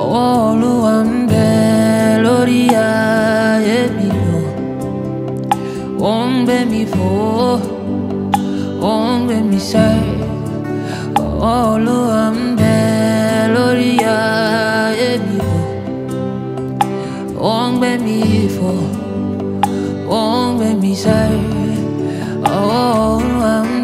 Olúwa ń bẹ lórí ayé mi o ó ń gbé mi fò ó ń gbé mi sẹ́ Olúwa ń bẹ lórí ayé mi o ó ń gbé mi fò ó ń gbé mi sẹ́ Olúwa ń bẹ.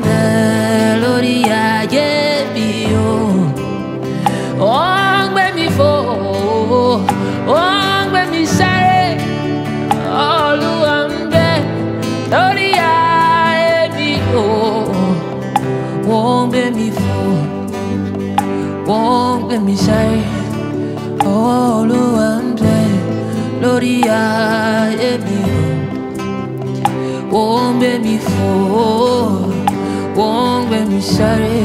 misai oh Olúwa ń bẹ lórí ayé mi o ó ń gbé mi fò ó ń gbé mi sáré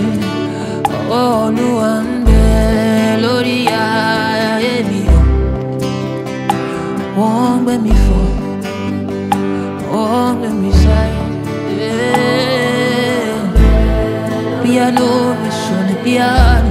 oh Olúwa ń bẹ lórí Won't o ó me mi fò ó ń gbé mi sáré. Piano, mi piano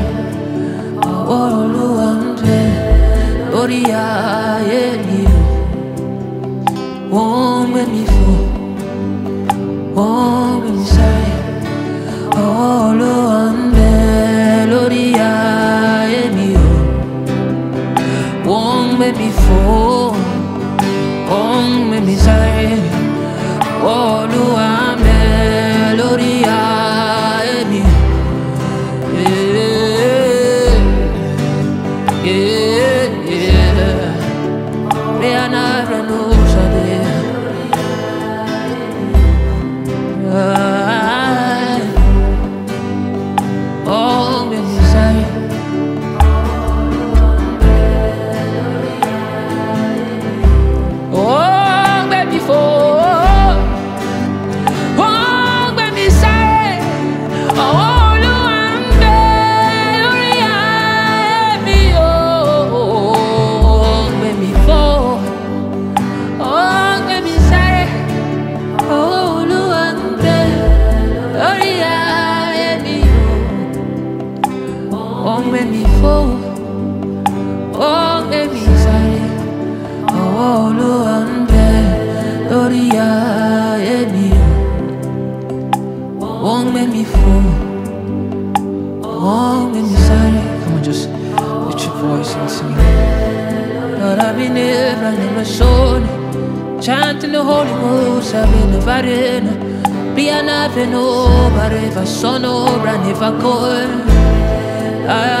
gloria el you fall. before Woman inside All on the gloria el you Woman before Woman inside sigh. Oh, the gloria me fall. oh, oh, me sorry, oh, lo, ande, lori, ya, baby, oh, make me fall, oh, make me sorry. Come on, just lift your voice and sing. Lord, I've been here, running my soul, chanting the Holy Ghost, I've been a varena. Be an avenue, but if I saw no, run if I could. I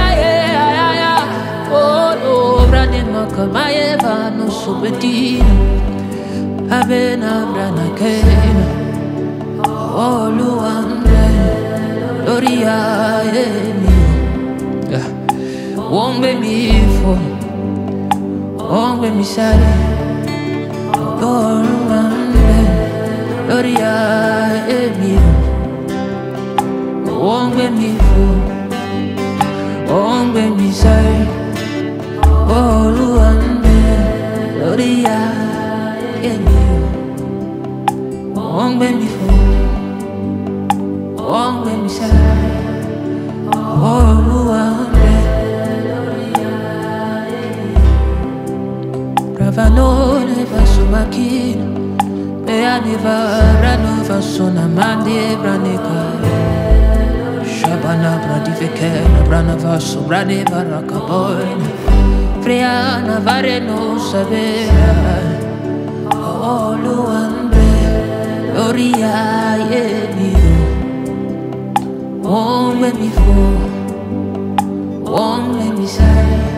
Olo makama Eva no Subedino Abena Branakena Olu Andre Loria Emio Wombe Mifo Wombe Misale Olu Andre Loria Emio Ravanone verso macchina E anniva brano verso una mandi branica Shabana bradi vekena brana verso brani varakaboina Friana vare non sapeva Oluande Loria yeni won't let me fall, won't let me say.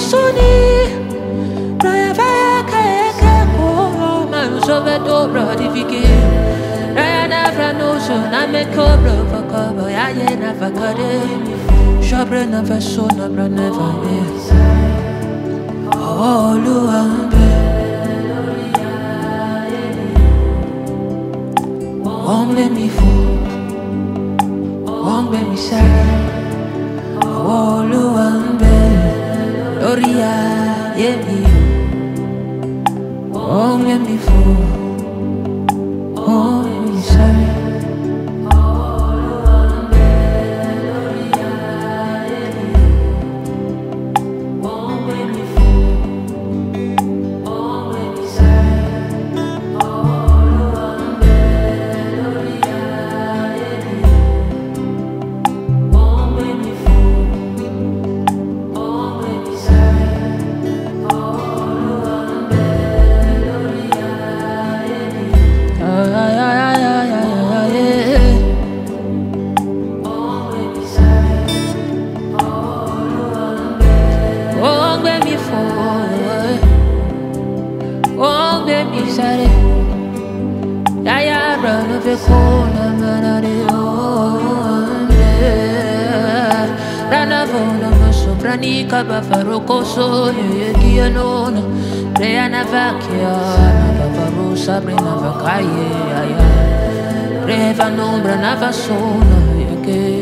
suni Raya vaya kaya kako Man sobe dobro divike Raya na franuso na me kobro Fakobo ya ye na fakade Shabre na faso na bra neva ye Oh Olúwa bẹ Wọ́n lé mi fò Wọ́n gbé mi sáré yeah, Oh, let me fall. Oh, let me shine. nabona mashopranika bafarokoso yeyegiyanona reyanavakiana bavarusa brinavakaye aya revanobranavasona yege